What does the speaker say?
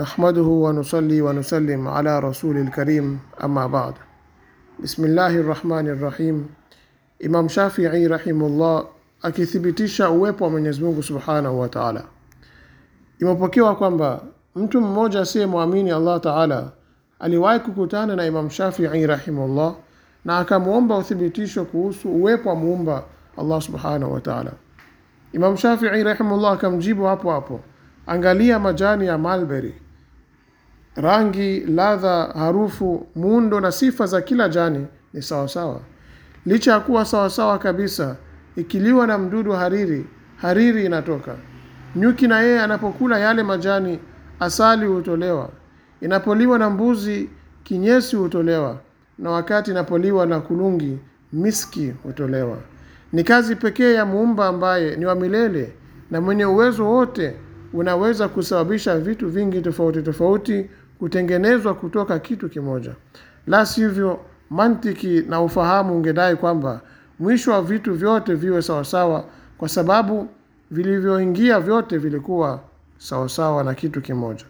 Nahmaduhu wa nusalli wa nusallim ala rasulil karim, amma ba'd. Bismillahir rahmanir rahim. Imam Shafi'i rahimullah akithibitisha uwepo wa Mwenyezi Mungu subhanahu wa taala, imepokewa kwamba mtu mmoja asiye mwamini Allah taala aliwahi kukutana na Imam Shafi'i rahimullah na akamwomba uthibitisho kuhusu uwepo wa muumba Allah subhanahu wa taala. Imam Shafi'i rahimullah akamjibu hapo hapo, angalia majani ya mulberry rangi, ladha, harufu, muundo na sifa za kila jani ni sawasawa. Licha ya kuwa sawasawa kabisa, ikiliwa na mdudu hariri, hariri inatoka. Nyuki na yeye anapokula yale majani, asali hutolewa. Inapoliwa na mbuzi, kinyesi hutolewa, na wakati inapoliwa na kulungi, miski hutolewa. Ni kazi pekee ya Muumba ambaye ni wa milele na mwenye uwezo wote unaweza kusababisha vitu vingi tofauti tofauti kutengenezwa kutoka kitu kimoja. La sivyo, mantiki na ufahamu ungedai kwamba mwisho wa vitu vyote viwe sawasawa, kwa sababu vilivyoingia vyote vilikuwa sawasawa na kitu kimoja.